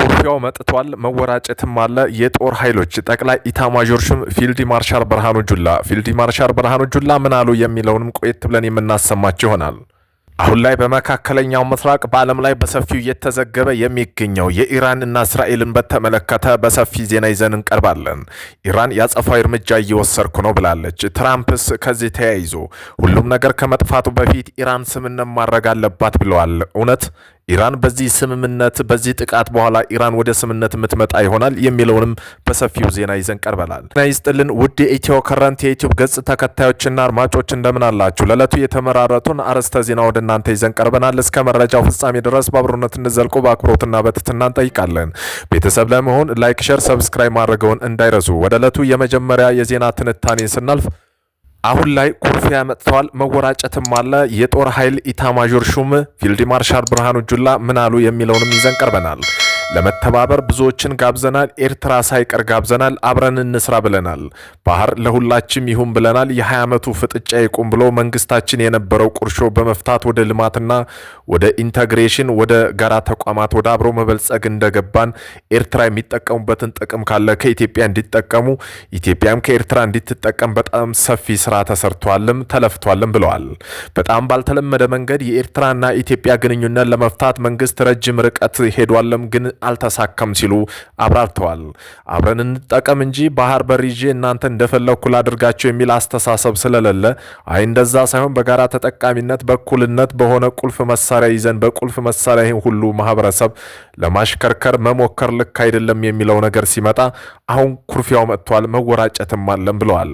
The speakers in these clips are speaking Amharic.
ኩርፊያው መጥቷል፣ መወራጨትም አለ። የጦር ኃይሎች ጠቅላይ ኢታማዦር ሹም ፊልድ ማርሻል ብርሃኑ ጁላ ፊልድ ማርሻል ብርሃኑ ጁላ ምን አሉ የሚለውንም ቆየት ብለን የምናሰማቸው ይሆናል። አሁን ላይ በመካከለኛው ምስራቅ በዓለም ላይ በሰፊው እየተዘገበ የሚገኘው የኢራንና እስራኤልን በተመለከተ በሰፊ ዜና ይዘን እንቀርባለን። ኢራን የአጸፋዊ እርምጃ እየወሰድኩ ነው ብላለች። ትራምፕስ ከዚህ ተያይዞ ሁሉም ነገር ከመጥፋቱ በፊት ኢራን ስምምነት ማድረግ አለባት ብለዋል። እውነት ኢራን በዚህ ስምምነት በዚህ ጥቃት በኋላ ኢራን ወደ ስምምነት የምትመጣ ይሆናል የሚለውንም በሰፊው ዜና ይዘን ቀርበላል። ዜና ይስጥልን ውድ የኢትዮ ከረንት የዩቲዩብ ገጽ ተከታዮችና አድማጮች እንደምን አላችሁ? ለዕለቱ የተመራረጡን አርዕስተ ዜና ወደ እናንተ ይዘን ቀርበናል። እስከ መረጃው ፍጻሜ ድረስ በአብሮነት እንዘልቁ በአክብሮትና በትትና እንጠይቃለን። ቤተሰብ ለመሆን ላይክ፣ ሸር፣ ሰብስክራይብ ማድረገውን እንዳይረሱ። ወደ ዕለቱ የመጀመሪያ የዜና ትንታኔ ስናልፍ አሁን ላይ ኩርፊያ መጥተዋል፣ መወራጨትም አለ። የጦር ኃይል ኢታማዦር ሹም ፊልድ ማርሻል ብርሃኑ ጁላ ምን አሉ የሚለውንም ይዘን ቀርበናል። ለመተባበር ብዙዎችን ጋብዘናል። ኤርትራ ሳይቀር ጋብዘናል። አብረን እንስራ ብለናል። ባህር ለሁላችም ይሁን ብለናል። የ20 ዓመቱ ፍጥጫ ይቁም ብሎ መንግስታችን የነበረው ቁርሾ በመፍታት ወደ ልማትና ወደ ኢንተግሬሽን ወደ ጋራ ተቋማት ወደ አብሮ መበልጸግ እንደገባን ኤርትራ የሚጠቀሙበትን ጥቅም ካለ ከኢትዮጵያ እንዲጠቀሙ ኢትዮጵያም ከኤርትራ እንዲትጠቀም በጣም ሰፊ ስራ ተሰርቷልም ተለፍቷልም ብለዋል። በጣም ባልተለመደ መንገድ የኤርትራና ኢትዮጵያ ግንኙነት ለመፍታት መንግስት ረጅም ርቀት ሄዷልም ግን አልተሳካም ሲሉ አብራርተዋል። አብረን እንጠቀም እንጂ ባህር በር ይዤ እናንተ እንደፈለግኩ ላድርጋቸው የሚል አስተሳሰብ ስለሌለ አይ እንደዛ ሳይሆን በጋራ ተጠቃሚነት በኩልነት በሆነ ቁልፍ መሳሪያ ይዘን በቁልፍ መሳሪያ ይህን ሁሉ ማህበረሰብ ለማሽከርከር መሞከር ልክ አይደለም የሚለው ነገር ሲመጣ አሁን ኩርፊያው መጥቷል፣ መወራጨትም አለን ብለዋል።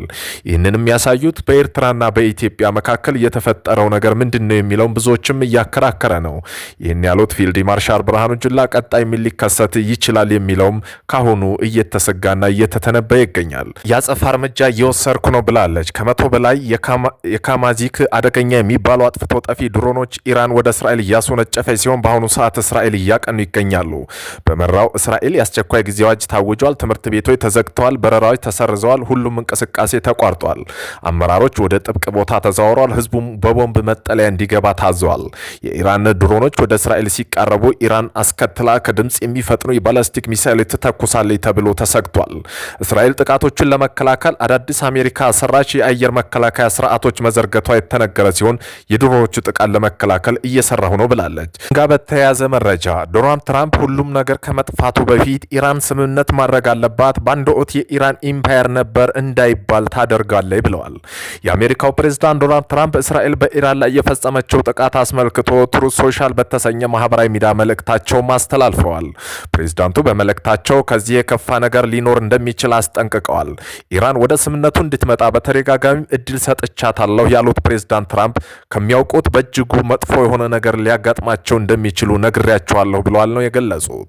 ይህንንም ያሳዩት በኤርትራና በኢትዮጵያ መካከል የተፈጠረው ነገር ምንድን ነው የሚለውን ብዙዎችም እያከራከረ ነው። ይህን ያሉት ፊልድ ማርሻል ብርሃኑ ጁላ ቀጣይ ሚሊ ሊከሰት ይችላል የሚለውም ካሁኑ እየተሰጋና እየተተነበየ ይገኛል። የአጸፋ እርምጃ እየወሰድኩ ነው ብላለች። ከመቶ በላይ የካማዚክ አደገኛ የሚባሉ አጥፍቶ ጠፊ ድሮኖች ኢራን ወደ እስራኤል እያስወነጨፈ ሲሆን በአሁኑ ሰዓት እስራኤል እያቀኑ ይገኛሉ። በመራው እስራኤል የአስቸኳይ ጊዜ አዋጅ ታውጇል። ትምህርት ቤቶች ተዘግተዋል። በረራዎች ተሰርዘዋል። ሁሉም እንቅስቃሴ ተቋርጧል። አመራሮች ወደ ጥብቅ ቦታ ተዛውረዋል። ህዝቡም በቦምብ መጠለያ እንዲገባ ታዘዋል። የኢራን ድሮኖች ወደ እስራኤል ሲቃረቡ ኢራን አስከትላ ከድምፅ የሚፈጥኑ የባላስቲክ ሚሳይል ትተኩሳለች ተብሎ ተሰግቷል። እስራኤል ጥቃቶችን ለመከላከል አዳዲስ አሜሪካ ሰራሽ የአየር መከላከያ ስርዓቶች መዘርገቷ የተነገረ ሲሆን የድሮዎቹ ጥቃት ለመከላከል እየሰራሁ ነው ብላለች። ጋ በተያያዘ መረጃ ዶናልድ ትራምፕ ሁሉም ነገር ከመጥፋቱ በፊት ኢራን ስምምነት ማድረግ አለባት፣ በአንድ ወቅት የኢራን ኢምፓየር ነበር እንዳይባል ታደርጋለች ብለዋል። የአሜሪካው ፕሬዝዳንት ዶናልድ ትራምፕ እስራኤል በኢራን ላይ የፈጸመችው ጥቃት አስመልክቶ ትሩ ሶሻል በተሰኘ ማህበራዊ ሚዲያ መልእክታቸው አስተላልፈዋል። ፕሬዚዳንቱ በመልእክታቸው ከዚህ የከፋ ነገር ሊኖር እንደሚችል አስጠንቅቀዋል። ኢራን ወደ ስምነቱ እንድትመጣ በተደጋጋሚ እድል ሰጥቻታለሁ ያሉት ፕሬዚዳንት ትራምፕ ከሚያውቁት በእጅጉ መጥፎ የሆነ ነገር ሊያጋጥማቸው እንደሚችሉ ነግሬያቸዋለሁ ብለዋል ነው የገለጹት።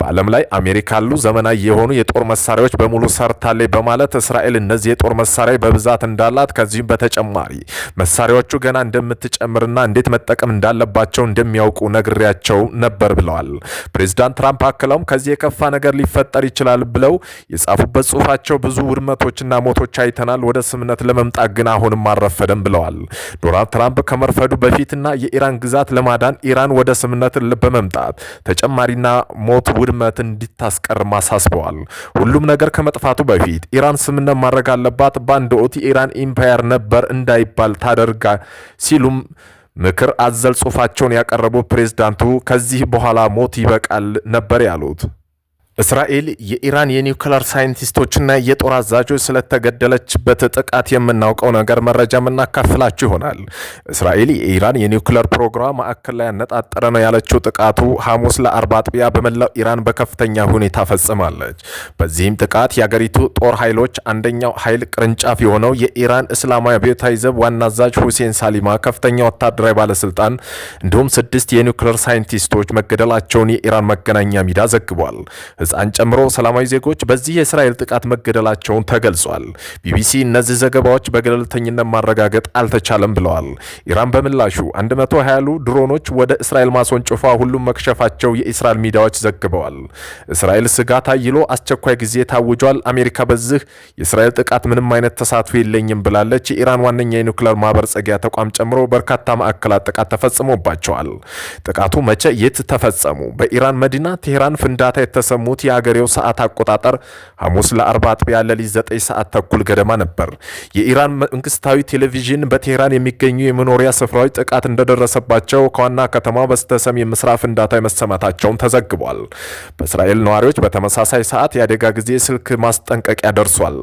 በዓለም ላይ አሜሪካ ያሉ ዘመናዊ የሆኑ የጦር መሳሪያዎች በሙሉ ሰርታለች በማለት እስራኤል እነዚህ የጦር መሳሪያ በብዛት እንዳላት ከዚህም በተጨማሪ መሳሪያዎቹ ገና እንደምትጨምርና እንዴት መጠቀም እንዳለባቸው እንደሚያውቁ ነግሬያቸው ነበር ብለዋል። ፕሬዚዳንት ትራምፕ አክለውም ከዚህ የከፋ ነገር ሊፈጠር ይችላል ብለው የጻፉበት ጽሁፋቸው ብዙ ውድመቶችና ሞቶች አይተናል፣ ወደ ስምነት ለመምጣት ግን አሁንም አልረፈደም ብለዋል። ዶናልድ ትራምፕ ከመርፈዱ በፊትና የኢራን ግዛት ለማዳን ኢራን ወደ ስምነት በመምጣት ተጨማሪና ሞት ውድመት እንዲታስቀር ማሳስበዋል። ሁሉም ነገር ከመጥፋቱ በፊት ኢራን ስምነት ማድረግ አለባት። በአንድ ወቅት የኢራን ኢምፓየር ነበር እንዳይባል ታደርጋ ሲሉም ምክር አዘል ጽሑፋቸውን ያቀረቡ ፕሬዝዳንቱ ከዚህ በኋላ ሞት ይበቃል ነበር ያሉት። እስራኤል የኢራን የኒውክለር ሳይንቲስቶችና የጦር አዛዦች ስለተገደለችበት ጥቃት የምናውቀው ነገር መረጃ የምናካፍላችሁ ይሆናል። እስራኤል የኢራን የኒውክለር ፕሮግራም ማዕከል ላይ ያነጣጠረ ነው ያለችው ጥቃቱ ሐሙስ ለአርብ አጥቢያ በመላው ኢራን በከፍተኛ ሁኔታ ፈጽማለች። በዚህም ጥቃት የአገሪቱ ጦር ኃይሎች አንደኛው ኃይል ቅርንጫፍ የሆነው የኢራን እስላማዊ አብዮታዊ ዘብ ዋና አዛዥ ሁሴን ሳሊማ፣ ከፍተኛ ወታደራዊ ባለስልጣን እንዲሁም ስድስት የኒውክለር ሳይንቲስቶች መገደላቸውን የኢራን መገናኛ ሚዲያ ዘግቧል። ሕፃን ጨምሮ ሰላማዊ ዜጎች በዚህ የእስራኤል ጥቃት መገደላቸውን ተገልጿል። ቢቢሲ እነዚህ ዘገባዎች በገለልተኝነት ማረጋገጥ አልተቻለም ብለዋል። ኢራን በምላሹ 120 ያሉ ድሮኖች ወደ እስራኤል ማስወንጭፏ ሁሉም መክሸፋቸው የእስራኤል ሚዲያዎች ዘግበዋል። እስራኤል ስጋት አይሎ አስቸኳይ ጊዜ ታውጇል። አሜሪካ በዚህ የእስራኤል ጥቃት ምንም አይነት ተሳትፎ የለኝም ብላለች። የኢራን ዋነኛ የኒውክሌር ማበልጸጊያ ተቋም ጨምሮ በርካታ ማዕከላት ጥቃት ተፈጽሞባቸዋል። ጥቃቱ መቼ፣ የት ተፈጸሙ? በኢራን መዲና ቴሄራን ፍንዳታ የተሰሙ የፈጸሙት የአገሬው ሰዓት አቆጣጠር ሐሙስ ለአርብ አጥቢያ ለሊት 9 ሰዓት ተኩል ገደማ ነበር። የኢራን መንግስታዊ ቴሌቪዥን በቴህራን የሚገኙ የመኖሪያ ስፍራዎች ጥቃት እንደደረሰባቸው ከዋና ከተማ በስተሰሜን ምስራቅ ፍንዳታ መሰማታቸውን ተዘግቧል። በእስራኤል ነዋሪዎች በተመሳሳይ ሰዓት የአደጋ ጊዜ ስልክ ማስጠንቀቂያ ደርሷል።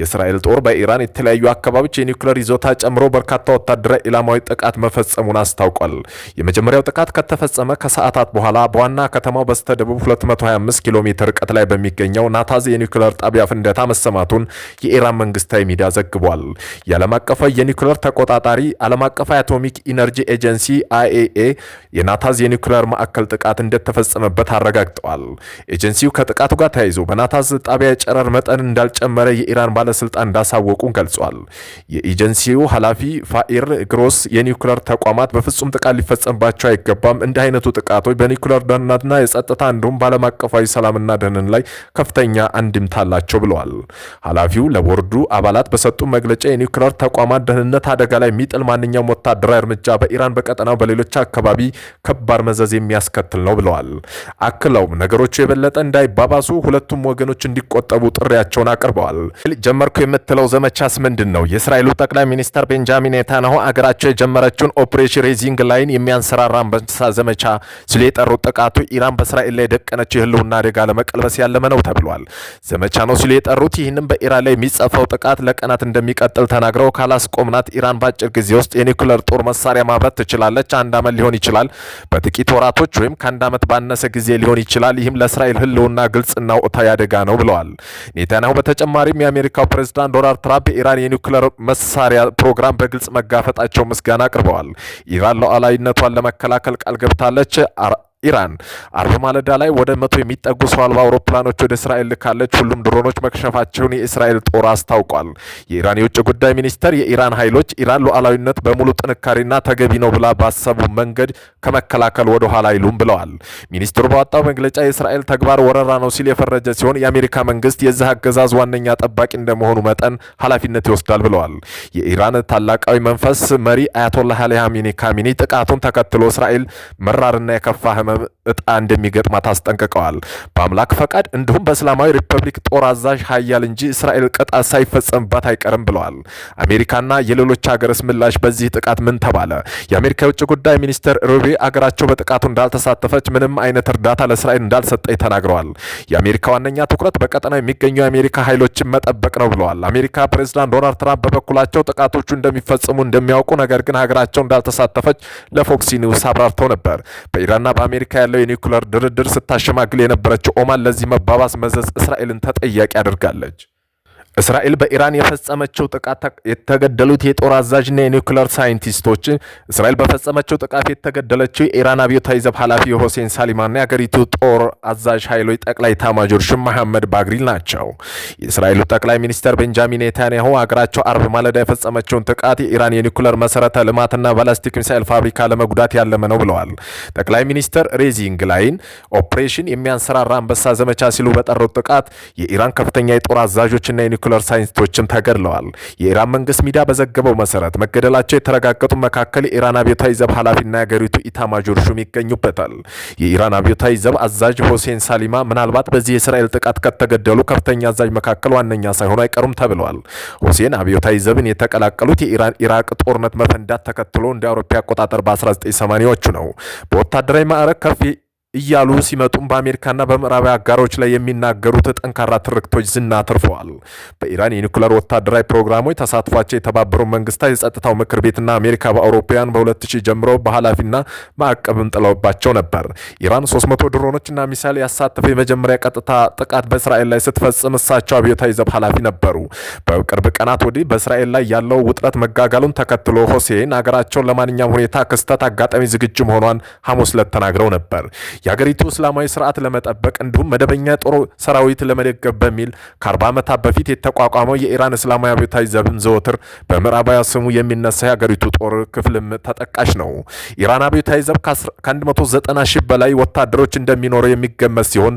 የእስራኤል ጦር በኢራን የተለያዩ አካባቢዎች የኒውክሌር ይዞታ ጨምሮ በርካታ ወታደራዊ ኢላማዊ ጥቃት መፈጸሙን አስታውቋል። የመጀመሪያው ጥቃት ከተፈጸመ ከሰዓታት በኋላ በዋና ከተማው በስተደቡብ 225 ኪሎ ሜትር ርቀት ላይ በሚገኘው ናታዝ የኒውክሌር ጣቢያ ፍንደታ መሰማቱን የኢራን መንግስታዊ ሚዲያ ዘግቧል። የዓለም አቀፍ የኒውክሌር ተቆጣጣሪ ዓለም አቀፍ አቶሚክ ኢነርጂ ኤጀንሲ አይኤኤ የናታዝ የኒውክሌር ማዕከል ጥቃት እንደተፈጸመበት አረጋግጠዋል። ኤጀንሲው ከጥቃቱ ጋር ተያይዞ በናታዝ ጣቢያ የጨረር መጠን እንዳልጨመረ የኢራን ባለስልጣን እንዳሳወቁን ገልጿል። የኤጀንሲው ኃላፊ ፋኢር ግሮስ የኒውክሌር ተቋማት በፍጹም ጥቃት ሊፈጸምባቸው አይገባም፣ እንዲህ አይነቱ ጥቃቶች በኒውክሌር ደህንነትና የጸጥታ እንዲሁም በዓለም አቀፋዊ ሰላም ሰላምና ደህንን ላይ ከፍተኛ አንድምታ አላቸው ብለዋል። ኃላፊው ለቦርዱ አባላት በሰጡ መግለጫ የኒውክሌር ተቋማት ደህንነት አደጋ ላይ የሚጥል ማንኛውም ወታደራዊ እርምጃ በኢራን በቀጠናው በሌሎች አካባቢ ከባድ መዘዝ የሚያስከትል ነው ብለዋል። አክለውም ነገሮቹ የበለጠ እንዳይባባሱ ሁለቱም ወገኖች እንዲቆጠቡ ጥሪያቸውን አቅርበዋል። ጀመርኩ የምትለው ዘመቻስ ምንድን ነው? የእስራኤሉ ጠቅላይ ሚኒስትር ቤንጃሚን ኔታንያሁ አገራቸው የጀመረችውን ኦፕሬሽን ሬዚንግ ላይን የሚያንሰራራ አንበሳ ዘመቻ ሲሉ የጠሩት ጥቃቱ ኢራን በእስራኤል ላይ የደቀነችው የህልውና አደጋ ለመቀልበስ ያለመ ነው ተብሏል። ዘመቻ ነው ሲሉ የጠሩት ይህንም በኢራን ላይ የሚጸፋው ጥቃት ለቀናት እንደሚቀጥል ተናግረው ካላስቆምናት ኢራን በአጭር ጊዜ ውስጥ የኒኩለር ጦር መሳሪያ ማምረት ትችላለች። አንድ ዓመት ሊሆን ይችላል፣ በጥቂት ወራቶች ወይም ከአንድ ዓመት ባነሰ ጊዜ ሊሆን ይችላል። ይህም ለእስራኤል ህልውና ግልጽና ወቅታዊ አደጋ ነው ብለዋል ኔታንያሁ። በተጨማሪም የአሜሪካው ፕሬዝዳንት ዶናልድ ትራምፕ የኢራን የኒኩለር መሳሪያ ፕሮግራም በግልጽ መጋፈጣቸው ምስጋና አቅርበዋል። ኢራን ሉዓላዊነቷን ለመከላከል ቃል ገብታለች። ኢራን አርብ ማለዳ ላይ ወደ መቶ የሚጠጉ ሰው አልባ አውሮፕላኖች ወደ እስራኤል ልካለች። ሁሉም ድሮኖች መክሸፋቸውን የእስራኤል ጦር አስታውቋል። የኢራን የውጭ ጉዳይ ሚኒስተር የኢራን ኃይሎች ኢራን ሉዓላዊነት በሙሉ ጥንካሬና ተገቢ ነው ብላ ባሰቡ መንገድ ከመከላከል ወደ ኋላ አይሉም ብለዋል። ሚኒስትሩ ባወጣው መግለጫ የእስራኤል ተግባር ወረራ ነው ሲል የፈረጀ ሲሆን የአሜሪካ መንግስት የዚህ አገዛዝ ዋነኛ ጠባቂ እንደመሆኑ መጠን ኃላፊነት ይወስዳል ብለዋል። የኢራን ታላቃዊ መንፈስ መሪ አያቶላህ አሊ ካሚኒ ጥቃቱን ተከትሎ እስራኤል መራርና የከፋ ህመም እጣ እንደሚገጥማት አስጠንቅቀዋል። በአምላክ ፈቃድ እንዲሁም በእስላማዊ ሪፐብሊክ ጦር አዛዥ ሀያል እንጂ እስራኤል ቅጣት ሳይፈጸምባት አይቀርም ብለዋል። አሜሪካና የሌሎች ሀገርስ ምላሽ በዚህ ጥቃት ምን ተባለ? የአሜሪካ የውጭ ጉዳይ ሚኒስትር ሩቢ አገራቸው በጥቃቱ እንዳልተሳተፈች፣ ምንም አይነት እርዳታ ለእስራኤል እንዳልሰጠች ተናግረዋል። የአሜሪካ ዋነኛ ትኩረት በቀጠናው የሚገኙ የአሜሪካ ኃይሎችን መጠበቅ ነው ብለዋል። አሜሪካ ፕሬዚዳንት ዶናልድ ትራምፕ በበኩላቸው ጥቃቶቹ እንደሚፈጽሙ እንደሚያውቁ ነገር ግን ሀገራቸው እንዳልተሳተፈች ለፎክሲ ኒውስ አብራርተው ነበር። በኢራንና በአሜሪካ አሜሪካ ያለው የኒውክለር ድርድር ስታሸማግል የነበረችው ኦማን ለዚህ መባባስ መዘዝ እስራኤልን ተጠያቂ አድርጋለች። እስራኤል በኢራን የፈጸመችው ጥቃት የተገደሉት የጦር አዛዥና የኒውክሌር ሳይንቲስቶች እስራኤል በፈጸመችው ጥቃት የተገደለችው የኢራን አብዮታዊ ዘብ ኃላፊ የሆሴን ሳሊማና የአገሪቱ ጦር አዛዥ ኃይሎች ጠቅላይ ታማጆር ሹም መሐመድ ባግሪል ናቸው። የእስራኤሉ ጠቅላይ ሚኒስትር ቤንጃሚን ኔታንያሁ ሀገራቸው አርብ ማለዳ የፈጸመችውን ጥቃት የኢራን የኒውክሌር መሰረተ ልማትና ባላስቲክ ሚሳኤል ፋብሪካ ለመጉዳት ያለመ ነው ብለዋል። ጠቅላይ ሚኒስትር ሬዚንግ ላይን ኦፕሬሽን የሚያንሰራራ አንበሳ ዘመቻ ሲሉ በጠሩት ጥቃት የኢራን ከፍተኛ የጦር አዛዦችና የሞለኩለር ሳይንቲስቶችም ተገድለዋል። የኢራን መንግስት ሚዲያ በዘገበው መሰረት መገደላቸው የተረጋገጡ መካከል የኢራን አብዮታዊ ዘብ ኃላፊና የሀገሪቱ ኢታማዦር ሹም ይገኙበታል። የኢራን አብዮታዊ ዘብ አዛዥ ሆሴን ሳሊማ ምናልባት በዚህ የእስራኤል ጥቃት ከተገደሉ ከፍተኛ አዛዥ መካከል ዋነኛ ሳይሆኑ አይቀሩም ተብለዋል። ሆሴን አብዮታዊ ዘብን የተቀላቀሉት የኢራን ኢራቅ ጦርነት መፈንዳት ተከትሎ እንደ አውሮፓ አቆጣጠር በ1980ዎቹ ነው። በወታደራዊ ማዕረግ ከፍ እያሉ ሲመጡም በአሜሪካና በምዕራባዊ አጋሮች ላይ የሚናገሩት ጠንካራ ትርክቶች ዝና አትርፈዋል። በኢራን የኒኩለር ወታደራዊ ፕሮግራሞች ተሳትፏቸው የተባበሩ መንግስታት የጸጥታው ምክር ቤትና አሜሪካ በአውሮፓውያን በ2000 ጀምሮ በኃላፊና ማዕቀብም ጥለውባቸው ነበር። ኢራን 300 ድሮኖችና ሚሳይል ያሳተፈ የመጀመሪያ ቀጥታ ጥቃት በእስራኤል ላይ ስትፈጽም እሳቸው አብዮታዊ ዘብ ኃላፊ ነበሩ። በቅርብ ቀናት ወዲህ በእስራኤል ላይ ያለው ውጥረት መጋጋሉን ተከትሎ ሆሴን ሀገራቸውን ለማንኛውም ሁኔታ ክስተት አጋጣሚ ዝግጁ መሆኗን ሐሙስ ዕለት ተናግረው ነበር። የአገሪቱ እስላማዊ ስርዓት ለመጠበቅ እንዲሁም መደበኛ ጦር ሰራዊት ለመደገፍ በሚል ከ40 ዓመታት በፊት የተቋቋመው የኢራን እስላማዊ አብዮታዊ ዘብን ዘወትር በምዕራባዊ ስሙ የሚነሳ የአገሪቱ ጦር ክፍልም ተጠቃሽ ነው። ኢራን አብዮታዊ ዘብ ከ190 ሺህ በላይ ወታደሮች እንደሚኖረው የሚገመት ሲሆን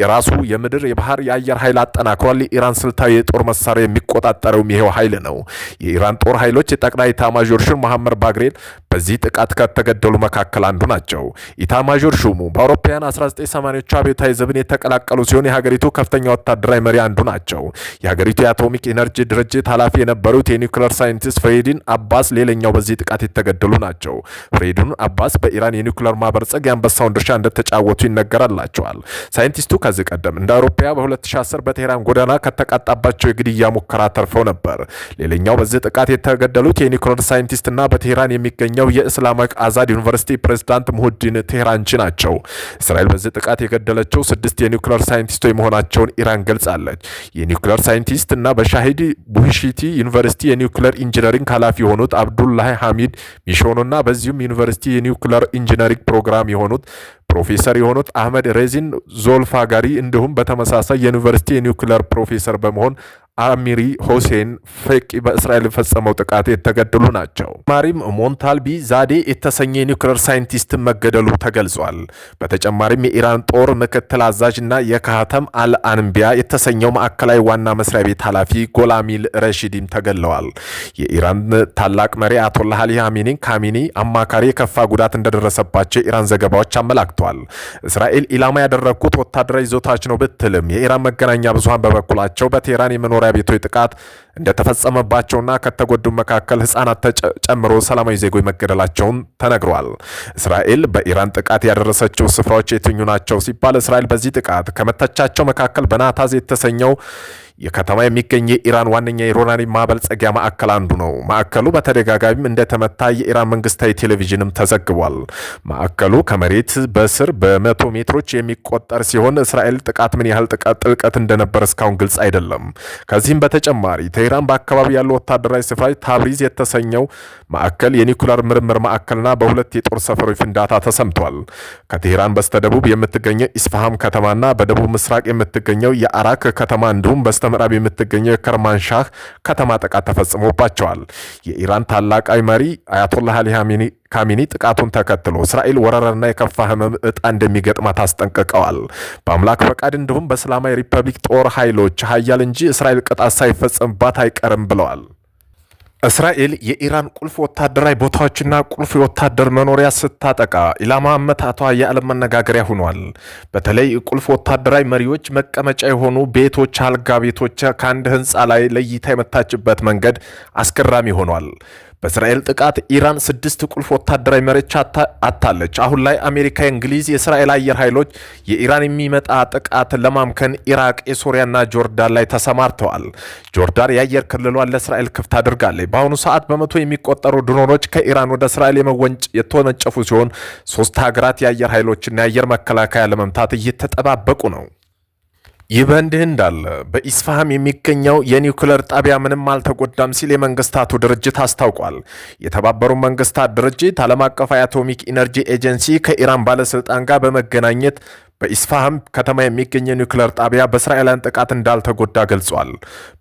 የራሱ የምድር፣ የባህር፣ የአየር ኃይል አጠናክሯል። የኢራን ስልታዊ የጦር መሳሪያ የሚቆጣጠረው ይሄው ኃይል ነው። የኢራን ጦር ኃይሎች የጠቅላይ ኤታማዦር ሹም መሐመድ ባግሬል በዚህ ጥቃት ከተገደሉ መካከል አንዱ ናቸው። ኢታማዦር ሹሙ በአውሮፓውያን 1980ዎቹ አብዮታዊ ዘብን የተቀላቀሉ ሲሆን የሀገሪቱ ከፍተኛ ወታደራዊ መሪ አንዱ ናቸው። የሀገሪቱ የአቶሚክ ኤነርጂ ድርጅት ኃላፊ የነበሩት የኒውክሌር ሳይንቲስት ፍሬዲን አባስ ሌላኛው በዚህ ጥቃት የተገደሉ ናቸው። ፍሬዲን አባስ በኢራን የኒውክሌር ማበልጸግ የአንበሳውን ድርሻ እንደተጫወቱ ይነገራላቸዋል። ሳይንቲስቱ ከዚህ ቀደም እንደ አውሮፓያ በ2010 በቴህራን ጎዳና ከተቃጣባቸው የግድያ ሙከራ ተርፈው ነበር። ሌላኛው በዚህ ጥቃት የተገደሉት የኒውክሌር ሳይንቲስትና በቴህራን የሚገኘው ሌላኛው የእስላማዊ አዛድ ዩኒቨርሲቲ ፕሬዝዳንት ሙሁዲን ቴህራንቺ ናቸው። እስራኤል በዚህ ጥቃት የገደለችው ስድስት የኒውክሌር ሳይንቲስቶች መሆናቸውን ኢራን ገልጻለች። የኒውክሌር ሳይንቲስት እና በሻሂድ ቡሂሺቲ ዩኒቨርሲቲ የኒውክሌር ኢንጂነሪንግ ኃላፊ የሆኑት አብዱላህ ሐሚድ ሚሾኑና በዚሁም ዩኒቨርሲቲ የኒውክሌር ኢንጂነሪንግ ፕሮግራም የሆኑት ፕሮፌሰር የሆኑት አህመድ ሬዚን ዞልፋጋሪ እንዲሁም በተመሳሳይ የዩኒቨርሲቲ የኒውክሌር ፕሮፌሰር በመሆን አሚሪ ሆሴን ፈቂ በእስራኤል የፈጸመው ጥቃት የተገደሉ ናቸው። ማሪም ሞንታልቢ ዛዴ የተሰኘ የኒውክሌር ሳይንቲስት መገደሉ ተገልጿል። በተጨማሪም የኢራን ጦር ምክትል አዛዥ እና የካህተም አልአንቢያ የተሰኘው ማዕከላዊ ዋና መስሪያ ቤት ኃላፊ ጎላሚል ረሺዲም ተገለዋል። የኢራን ታላቅ መሪ አያቶላህ አሊ ሀሚኒ ካሚኒ አማካሪ የከፋ ጉዳት እንደደረሰባቸው የኢራን ዘገባዎች አመላክተዋል። እስራኤል ኢላማ ያደረግኩት ወታደራዊ ይዞታች ነው ብትልም የኢራን መገናኛ ብዙሃን በበኩላቸው በቴህራን የመኖር መኖሪያ ቤቶች ጥቃት እንደተፈጸመባቸውና ከተጎዱ መካከል ህጻናት ጨምሮ ሰላማዊ ዜጎች መገደላቸውን ተነግሯል። እስራኤል በኢራን ጥቃት ያደረሰችው ስፍራዎች የትኙ ናቸው ሲባል እስራኤል በዚህ ጥቃት ከመተቻቸው መካከል በናታዝ የተሰኘው የከተማ የሚገኝ የኢራን ዋነኛ የዩራኒየም ማበልጸጊያ ማዕከል አንዱ ነው። ማዕከሉ በተደጋጋሚም እንደተመታ የኢራን መንግስታዊ ቴሌቪዥንም ተዘግቧል። ማዕከሉ ከመሬት በስር በመቶ ሜትሮች የሚቆጠር ሲሆን እስራኤል ጥቃት ምን ያህል ጥልቀት እንደነበር እስካሁን ግልጽ አይደለም። ከዚህም በተጨማሪ ቴህራን በአካባቢ ያለው ወታደራዊ ስፍራ ታብሪዝ የተሰኘው ማዕከል የኒኩለር ምርምር ማዕከልና በሁለት የጦር ሰፈሮች ፍንዳታ ተሰምቷል። ከቴህራን በስተደቡብ የምትገኘው ኢስፋሃም ከተማና በደቡብ ምስራቅ የምትገኘው የአራክ ከተማ እንዲሁም በስተ በምዕራብ የምትገኘው የከርማንሻህ ከተማ ጥቃት ተፈጽሞባቸዋል። የኢራን ታላቃዊ መሪ አያቶላህ አሊ ካሚኒ ጥቃቱን ተከትሎ እስራኤል ወረረና የከፋ ህመም እጣ እንደሚገጥማት አስጠንቅቀዋል። በአምላክ ፈቃድ እንዲሁም በእስላማዊ ሪፐብሊክ ጦር ኃይሎች ሀያል እንጂ እስራኤል ቅጣት ሳይፈጸምባት አይቀርም ብለዋል። እስራኤል የኢራን ቁልፍ ወታደራዊ ቦታዎችና ቁልፍ የወታደር መኖሪያ ስታጠቃ ኢላማ መታቷ የዓለም መነጋገሪያ ሆኗል። በተለይ ቁልፍ ወታደራዊ መሪዎች መቀመጫ የሆኑ ቤቶች፣ አልጋ ቤቶች ከአንድ ህንፃ ላይ ለይታ የመታችበት መንገድ አስገራሚ ሆኗል። በእስራኤል ጥቃት ኢራን ስድስት ቁልፍ ወታደራዊ መሪዎች አታለች። አሁን ላይ አሜሪካ፣ እንግሊዝ፣ የእስራኤል አየር ኃይሎች የኢራን የሚመጣ ጥቃት ለማምከን ኢራቅ፣ የሶሪያና ጆርዳን ላይ ተሰማርተዋል። ጆርዳን የአየር ክልሏን ለእስራኤል ክፍት አድርጋለች። በአሁኑ ሰዓት በመቶ የሚቆጠሩ ድሮኖች ከኢራን ወደ እስራኤል የተወነጨፉ ሲሆን ሶስት ሀገራት የአየር ኃይሎችና የአየር መከላከያ ለመምታት እየተጠባበቁ ነው። ይህ በእንዲህ እንዳለ በኢስፋሃም የሚገኘው የኒውክለር ጣቢያ ምንም አልተጎዳም ሲል የመንግስታቱ ድርጅት አስታውቋል። የተባበሩ መንግስታት ድርጅት ዓለም አቀፍ የአቶሚክ ኢነርጂ ኤጀንሲ ከኢራን ባለስልጣን ጋር በመገናኘት በኢስፋሃም ከተማ የሚገኝ የኒውክለር ጣቢያ በእስራኤላውያን ጥቃት እንዳልተጎዳ ገልጿል።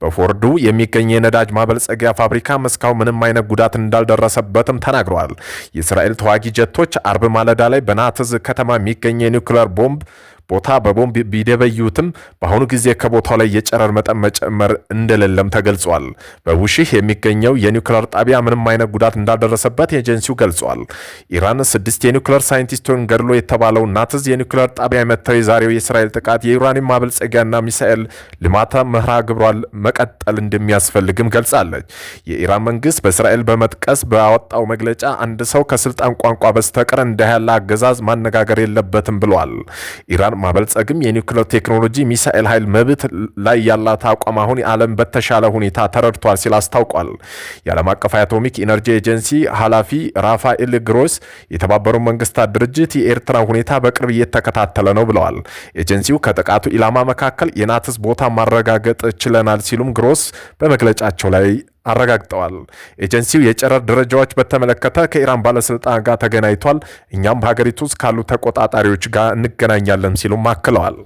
በፎርዱ የሚገኝ የነዳጅ ማበልጸጊያ ፋብሪካ እስካሁን ምንም አይነት ጉዳት እንዳልደረሰበትም ተናግረዋል። የእስራኤል ተዋጊ ጀቶች አርብ ማለዳ ላይ በናትዝ ከተማ የሚገኝ የኒውክለር ቦምብ ቦታ በቦምብ ቢደበዩትም በአሁኑ ጊዜ ከቦታው ላይ የጨረር መጠን መጨመር እንደሌለም ተገልጿል። በውሽህ የሚገኘው የኒውክሌር ጣቢያ ምንም አይነት ጉዳት እንዳልደረሰበት ኤጀንሲው ገልጿል። ኢራን ስድስት የኒውክሌር ሳይንቲስቶን ገድሎ የተባለው ናትዝ የኒውክሌር ጣቢያ የመታው የዛሬው የእስራኤል ጥቃት የዩራኒየም ማበልጸጊያና ሚሳኤል ልማተ ምህራ ግብሯል መቀጠል እንደሚያስፈልግም ገልጻለች። የኢራን መንግስት በእስራኤል በመጥቀስ በወጣው መግለጫ አንድ ሰው ከስልጣን ቋንቋ በስተቀር እንዲህ ያለ አገዛዝ ማነጋገር የለበትም ብሏል። ኢራን ማበልጸግም የኒውክሌር ቴክኖሎጂ ሚሳኤል ኃይል መብት ላይ ያላት አቋም አሁን የዓለም በተሻለ ሁኔታ ተረድቷል ሲል አስታውቋል። የዓለም አቀፍ አቶሚክ ኢነርጂ ኤጀንሲ ኃላፊ ራፋኤል ግሮስ የተባበሩት መንግስታት ድርጅት የኤርትራ ሁኔታ በቅርብ እየተከታተለ ነው ብለዋል። ኤጀንሲው ከጥቃቱ ኢላማ መካከል የናትስ ቦታ ማረጋገጥ ችለናል ሲሉም ግሮስ በመግለጫቸው ላይ አረጋግጠዋል። ኤጀንሲው የጨረር ደረጃዎች በተመለከተ ከኢራን ባለስልጣን ጋር ተገናኝቷል። እኛም በሀገሪቱ ውስጥ ካሉ ተቆጣጣሪዎች ጋር እንገናኛለን ሲሉም አክለዋል።